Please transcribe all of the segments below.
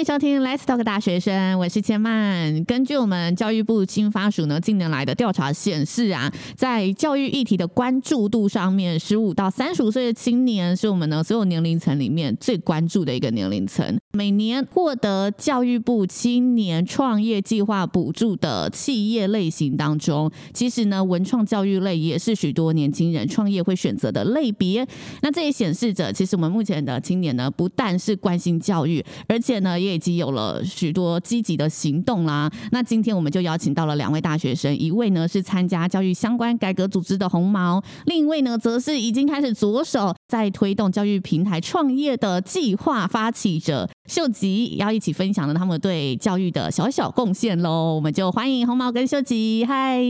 歡迎收聽《Let's Talk 大學生》，我是千嫚。根據我們教育部青發署呢近年來的調查顯示啊，在教育議題的關注度上面，十五到三十五歲的青年是我們呢所有年齡層裡面最關注的一個年齡層。每年獲得教育部青年創業計劃補助的企業類型當中，其實呢，文創教育類也是許多年輕人創業會選擇的類別。那這也顯示着，其實我們目前的青年呢，不但是關心教育，而且呢，也已經有了許多積極的行動啦。那今天我們就邀請到了兩位大學生，一位呢是參加教育相關改革組織的紅毛，另一位呢則是已經開始着手，在推動教育平台創業的計劃發起者秀吉，也要一起分享了他們對教育的小小貢獻嘍！我們就歡迎紅毛跟秀吉。嗨，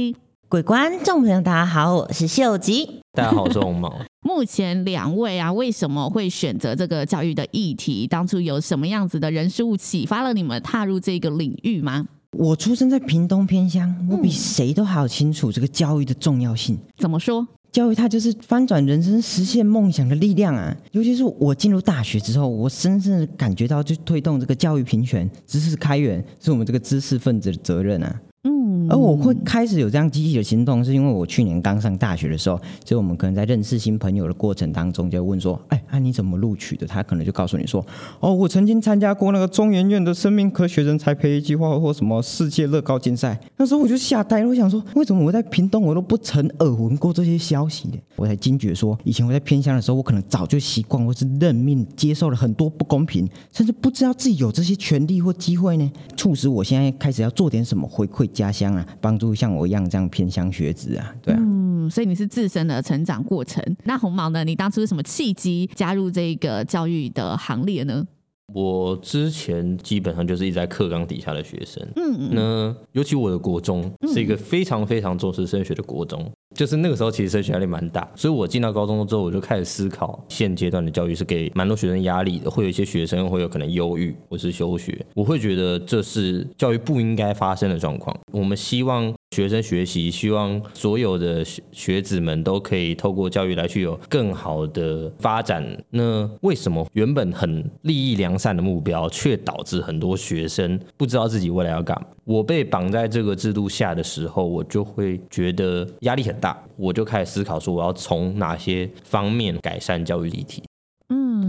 各位觀眾朋友，大家好，我是秀吉。大家好，我是紅毛。目前兩位啊，為什麼會選擇這個教育的議題？當初有什麼樣子的人事物啟發了你們踏入這個領域嗎？我出生在屏東偏鄉，嗯，我比誰都還清楚這個教育的重要性。怎麼說？教育它就是翻轉人生、實現夢想的力量啊！尤其是我進入大學之後，我深深的感覺到，就推動這個教育平權、知識開源，是我們這個知識分子的責任啊！嗯。而我會開始有這樣積極的行動，是因為我去年剛上大學的時候，所以我們可能在認識新朋友的過程當中，就問說：“哎，那、啊、你怎麼錄取的？”他可能就告訴你說：“哦，我曾經參加過那個中研院的生命科學人才培育計劃，或什麼世界樂高競賽。”那時候我就嚇呆了，我想說：“為什麼我在屏東我都不曾耳聞過這些消息呢？”我才驚覺說，以前我在偏鄉的時候，我可能早就習慣或是認命接受了很多不公平，甚至不知道自己有這些權利或機會呢。促使我現在開始要做點什麼回饋家鄉。幫助像我一樣這樣偏鄉學子啊，對啊，嗯，所以你是自身的成長過程。那紅毛呢？你當初是什麼契機加入這個教育的行列呢？我之前基本上就是一直在課綱底下的學生，嗯嗯，那尤其我的國中是一個非常非常重視升學的國中，就是那個時候其實升學壓力蠻大，所以我進到高中之後，我就開始思考現階段的教育是給蠻多學生壓力的，會有一些學生會有可能憂鬱或是休學，我會覺得這是教育不應該發生的狀況，我們希望學生學習，希望所有的學,學子們都可以透過教育來去有更好的發展。那為什麼原本很利益良善的目標，卻導致很多學生不知道自己未來要幹嘛？我被綁在這個制度下的時候，我就會覺得壓力很大，我就開始思考說，我要從哪些方面改善教育議題。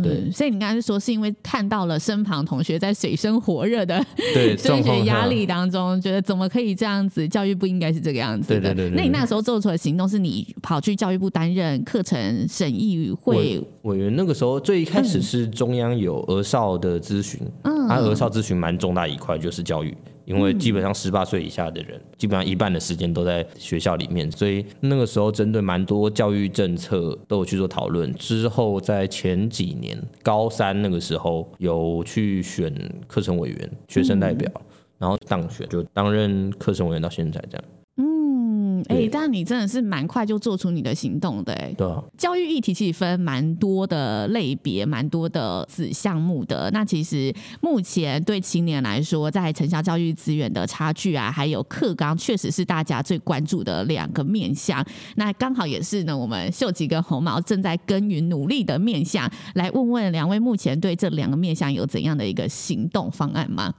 對，所以你剛剛說是因為看到了身旁同學在水深火熱的升學 壓力當中，覺得怎麼可以這樣子？教育不應該是這個樣子的。對對，對對對。那你那時候做出的行動是你跑去教育部擔任課程審議會委員。我我那個時候最一開始是中央有兒少的諮詢，嗯，阿、啊、兒少諮詢蠻重大一塊就是教育。因為基本上十八歲以下的人，嗯，基本上一半的時間都在學校裡面，所以那個時候針對蠻多教育政策都有去做討論。之後在前幾年高三那個時候有去選課程委員、學生代表，嗯，然後當選就擔任課程委員到現在這樣。哎、欸，但你真的是蠻快就做出你的行動的、欸、對、啊，教育議題其實分蠻多的類別，蠻多的子項目的。那其實目前對青年來說，在城鄉教育資源的差距啊，還有課綱，確實是大家最關注的兩個面向。那剛好也是呢，我們秀吉跟紅毛正在耕耘努力的面向，來問問兩位目前對這兩個面向有怎樣的一個行動方案嗎？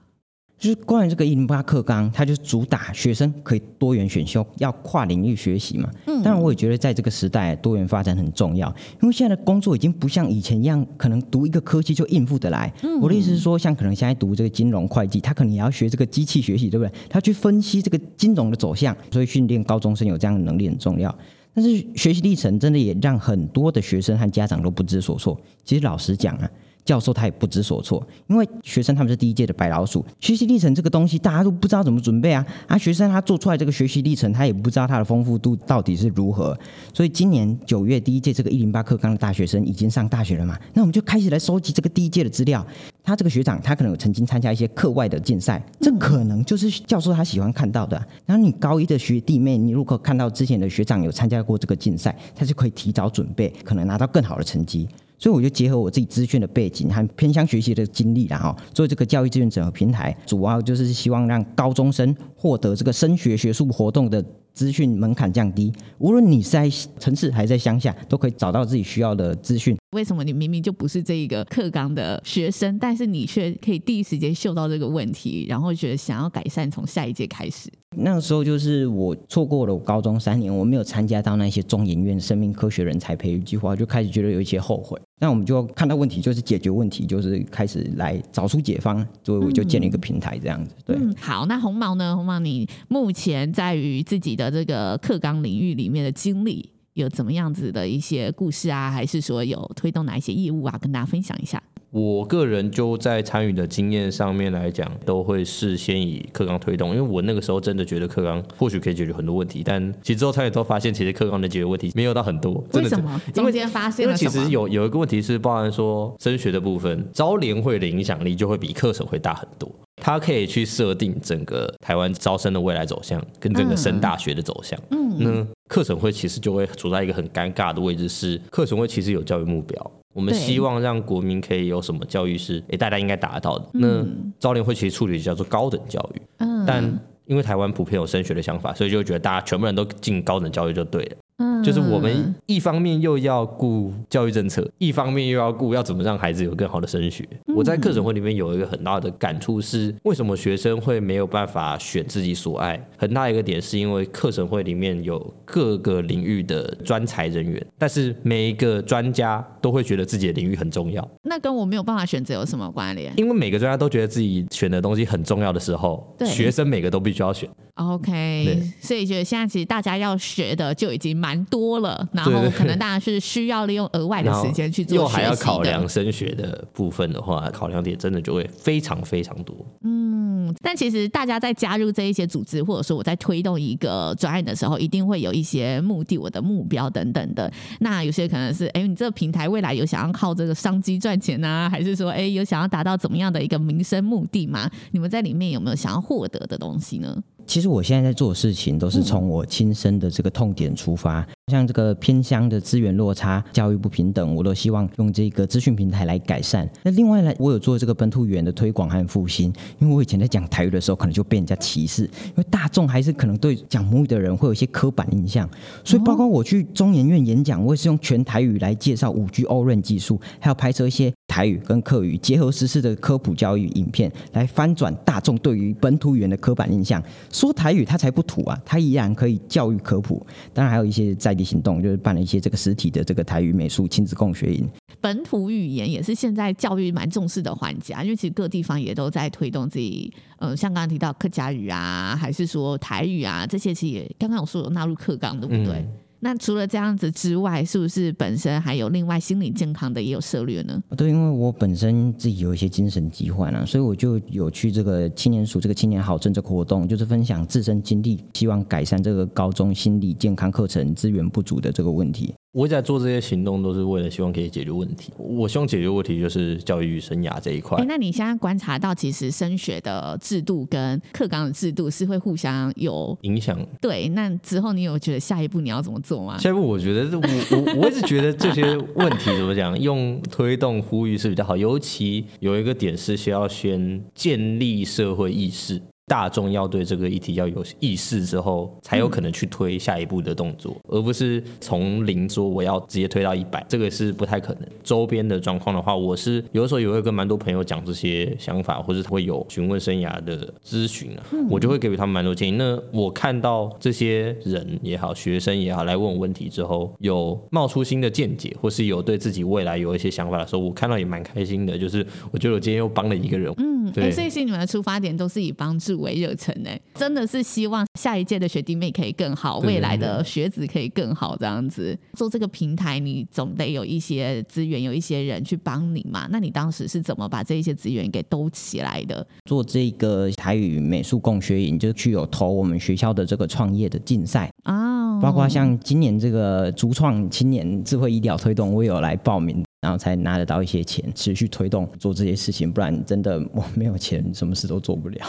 就是關於這個108課綱，它就是主打學生可以多元選修，要跨領域學習嘛。嗯，當然我也覺得在這個時代多元發展很重要，因為現在的工作已經不像以前一樣，可能讀一個科技就應付得來。嗯，嗯，我的意思是說，像可能現在讀這個金融會計，他可能也要學這個機器學習，對不對？他去分析這個金融的走向，所以訓練高中生有這樣的能力很重要。但是學習歷程真的也讓很多的學生和家長都不知所措。其實老實講啊。嗯教授他也不知所措，因為學生他們是第一屆的白老鼠，學習歷程這個東西大家都不知道怎麼準備啊啊！學生他做出來這個學習歷程，他也不知道他的豐富度到底是如何。所以今年九月第一屆這個一零八課綱的大學生已經上大學了嘛，那我們就開始來收集這個第一屆的資料。他這個學長他可能有曾經參加一些課外的競賽，這可能就是教授他喜歡看到的。然後你高一的學弟妹，你如果看到之前的學長有參加過這個競賽，他就可以提早準備，可能拿到更好的成績。所以我就結合我自己資訊的背景，還有偏鄉學習的經歷，哦，然後做這個教育資源整合平台，主要就是希望讓高中生獲得這個升學學術活動的資訊門檻降低。無論你是在城市還是在鄉下，都可以找到自己需要的資訊。為什麼你明明就不是這一個課綱的學生，但是你卻可以第一時間嗅到這個問題，然後覺得想要改善，從下一屆開始？那個時候就是我錯過了我高中三年，我沒有參加到那些中研院生命科學人才培育計劃，就開始覺得有一些後悔。那我們就看到問題，就是解決問題，就是開始來找出解方，所以我就建了一個平台這樣子。嗯、對、嗯，好，那紅毛呢？紅毛，你目前在於自己的這個課綱領域裡面的經歷有怎麼樣子的一些故事啊？還是說有推動哪一些業務啊？跟大家分享一下。我個人就在參與的經驗上面來講，都會事先以課綱推動，因為我那個時候真的覺得課綱或許可以解決很多問題，但其實之後參與都發現，其實課綱的解決問題沒有到很多，為什麼？因為，發現了什麼？因為其實有有一個問題是包含說升學的部分，招聯會的影響力就會比課程會大很多，它可以去設定整個台灣招生的未來走向，跟整個升大學的走向。嗯，那課程會其實就會處在一個很尷尬的位置是，是課程會其實有教育目標。我們希望讓國民可以有什麼教育是誒、欸、大家應該達到的。嗯、那招聯會其實處理叫做高等教育，嗯、但因為台灣普遍有升學的想法，所以就覺得大家全部人都進高等教育就對了。就是我們一方面又要顧教育政策，一方面又要顧要怎麼讓孩子有更好的升學。嗯。我在課程會裡面有一個很大的感觸是，為什麼學生會沒有辦法選自己所愛？很大一個點是因為課程會裡面有各個領域的專才人員，但是每一個專家都會覺得自己的領域很重要。那跟我沒有辦法選擇有什麼關聯？因為每個專家都覺得自己選的東西很重要的時候，學生每個都必須要選。OK，所以覺得現在其實大家要學的就已經蠻多了，然後可能大家是需要利用額外的時間去做的。對對對，還要考量升學的部分的話，考量點真的就會非常非常多。嗯，但其實大家在加入這一些組織，或者說我在推動一個專案的時候，一定會有一些目的、我的目標等等的。那有些可能是，哎，你這個平台未來有想要靠這個商機賺錢呢？啊，還是說，哎，有想要達到怎麼樣的一個民生目的嗎？你們在裡面有沒有想要獲得的東西呢？其實我現在在做的事情，都是從我親身的這個痛點出發，嗯、像這個偏鄉的資源落差、教育不平等，我都希望用這個資訊平台來改善。那另外呢，我有做這個本土語言的推廣和復興，因為我以前在講台語的時候，可能就被人家歧視，因為大眾還是可能對講母語的人會有一些刻板印象，所以包括我去中研院演講，哦、我也是用全台語來介紹 5G O-RAN 技術，還有拍攝一些。台語跟客語結合實施的科普教育影片，來翻轉大眾對於本土語言的刻板印象。說台語它才不土啊，它依然可以教育科普。當然，還有一些在地行動，就是辦了一些這個實體的這個台語美術親子共學營。本土語言也是現在教育蠻重視的環節啊，因為其實各地方也都在推動自己，嗯，像剛剛提到客家語啊，還是說台語啊，這些其實也剛剛有說有納入課綱，對不對？嗯那除了這樣子之外，是不是本身還有另外心理健康的也有涉獵呢？對，因為我本身自己有一些精神疾患啊，所以我就有去這個青年署這個青年好政策活動，就是分享自身經歷，希望改善這個高中心理健康課程資源不足的這個問題。我在做這些行動，都是為了希望可以解決問題。我希望解決問題就是教育生涯這一塊。欸，那你現在觀察到，其實升學的制度跟課綱的制度是會互相有影響。對，那之後你有覺得下一步你要怎麼做嗎？下一步我覺得，我我我一直覺得這些問題怎麼講， 用推動呼籲是比較好。尤其有一個點是需要先建立社會意識。大眾要對這個議題要有意識之後，才有可能去推下一步的動作，嗯、而不是從零做我要直接推到一百，這個是不太可能。週邊的狀況的話，我是有的時候也會跟蠻多朋友講這些想法，或是他會有詢問生涯的諮詢啊、嗯，我就會給予他們蠻多建議。那我看到這些人也好，學生也好來問問題之後，有冒出新的見解，或是有對自己未來有一些想法的時候，我看到也蠻開心的，就是我覺得我今天又幫了一個人。嗯，對，所以這些你們的出發點都是以幫助熱忱呢，真的是希望下一屆的學弟妹可以更好，未來的學子可以更好這樣子。對對對對做這個平台，你總得有一些資源，有一些人去幫你嘛。那你當時是怎麼把這一些資源給兜起來的？做這個台語美術共學營，就去有投我們學校的這個創業的競賽啊。包括像今年這個“主創青年智慧醫療推動”，我也有來報名，然後才拿得到一些錢，持續推動做這些事情。不然真的我沒有錢，什麼事都做不了。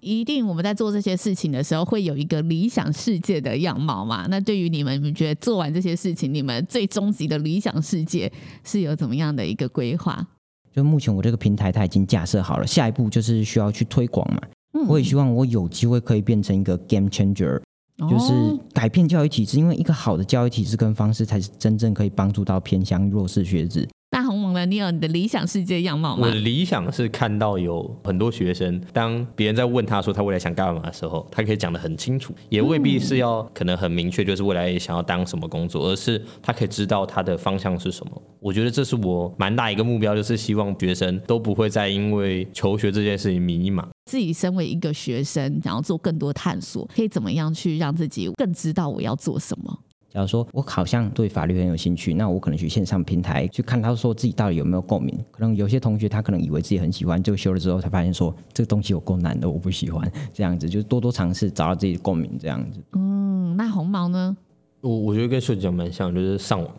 一定我們在做這些事情的時候，會有一個理想世界的樣貌嘛。那對於你們，你們覺得做完這些事情，你們最終極的理想世界是有怎麼樣的一個規劃？就目前我這個平台，它已經架設好了，下一步就是需要去推廣嘛。嗯。我也希望我有機會可以變成一個 game changer，哦。就是改變教育體制，因為一個好的教育體制跟方式，才是真正可以幫助到偏鄉弱勢學子。大紅你有你的理想世界樣貌嗎？我的理想是看到有很多學生，當別人在問他說他未來想幹嘛的時候，他可以講得很清楚，也未必是要可能很明確，就是未來想要當什麼工作，嗯，而是他可以知道他的方向是什麼。我覺得這是我蠻大一個目標，就是希望學生都不會再因為求學這件事情迷茫。自己身為一個學生，想要做更多探索，可以怎麼樣去讓自己更知道我要做什麼？假如說我好像對法律很有興趣，那我可能去線上平台去看他說自己到底有沒有共鳴。可能有些同學他可能以為自己很喜歡，就修了之後才發現說這個東西有夠難的，我不喜歡。這樣子就是多多嘗試，找到自己的共鳴這樣子。嗯，那紅毛呢？我我覺得跟秀吉講蠻像，就是上網，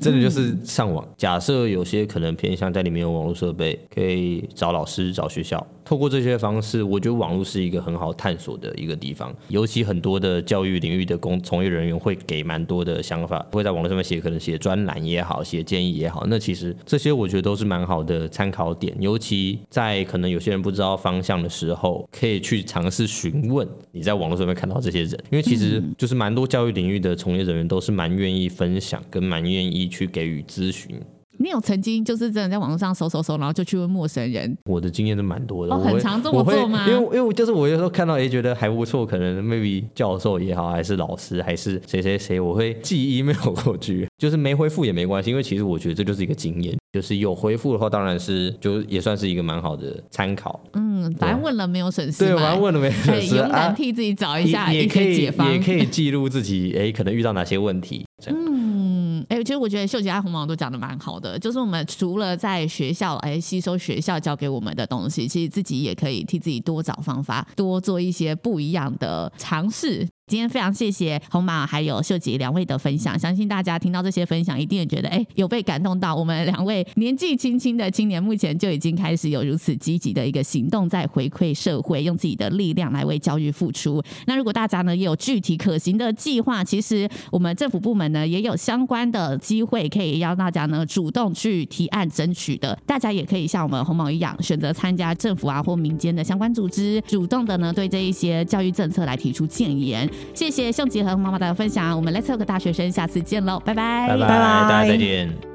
真的就是上網。假設有些可能偏向在裡面有網絡設備，可以找老師、找學校，透過這些方式，我覺得網絡是一個很好探索的一個地方。尤其很多的教育領域的工從業人員會給蠻多的想法，不會在網絡上面寫，可能寫專欄也好，寫建議也好。那其實這些我覺得都是蠻好的參考點，尤其在可能有些人不知道方向的時候，可以去嘗試詢問你在網絡上面看到這些人，因為其實就是蠻多教育領域的從從業人員都是蠻願意分享，跟蠻願意去給予諮詢。你有曾經就是真的在網絡上搜搜搜，然後就去問陌生人？我的經驗是蠻多的，我、哦、很常這麼做嗎？因為因為就是我有時候看到誒，覺得還不錯，可能 maybe 教授也好，還是老師，還是誰誰誰，我會寄 email 過去。就是沒回復也沒關係，因為其實我覺得這就是一個經驗。就是有回復的話，當然是就也算是一個蠻好的參考。嗯，反正問了沒有損失。對，反正問了沒有損失。對、欸，勇敢替自己找一下、啊也，也可以解，也可以記錄自己哎、欸，可能遇到哪些問題。這樣。嗯。哎。欸其實我覺得秀吉和紅毛都講的蠻好的，就是我們除了在學校哎吸收學校教給我們的東西，其實自己也可以替自己多找方法，多做一些不一樣的嘗試。今天非常謝謝紅毛還有秀吉兩位的分享，相信大家聽到這些分享，一定也覺得哎有被感動到。我們兩位年紀輕輕的青年，目前就已經開始有如此積極的一個行動，在回饋社會，用自己的力量來為教育付出。那如果大家呢也有具體可行的計劃，其實我們政府部門呢也有相關的。機會可以邀大家呢主動去提案爭取的，大家也可以像我們紅毛一樣選擇參加政府啊或民間的相關組織，主動的呢對這一些教育政策來提出建言。謝謝秀吉和紅毛的分享，我們 Let's Talk 大學生下次見嘍，拜拜，拜拜，大家再見。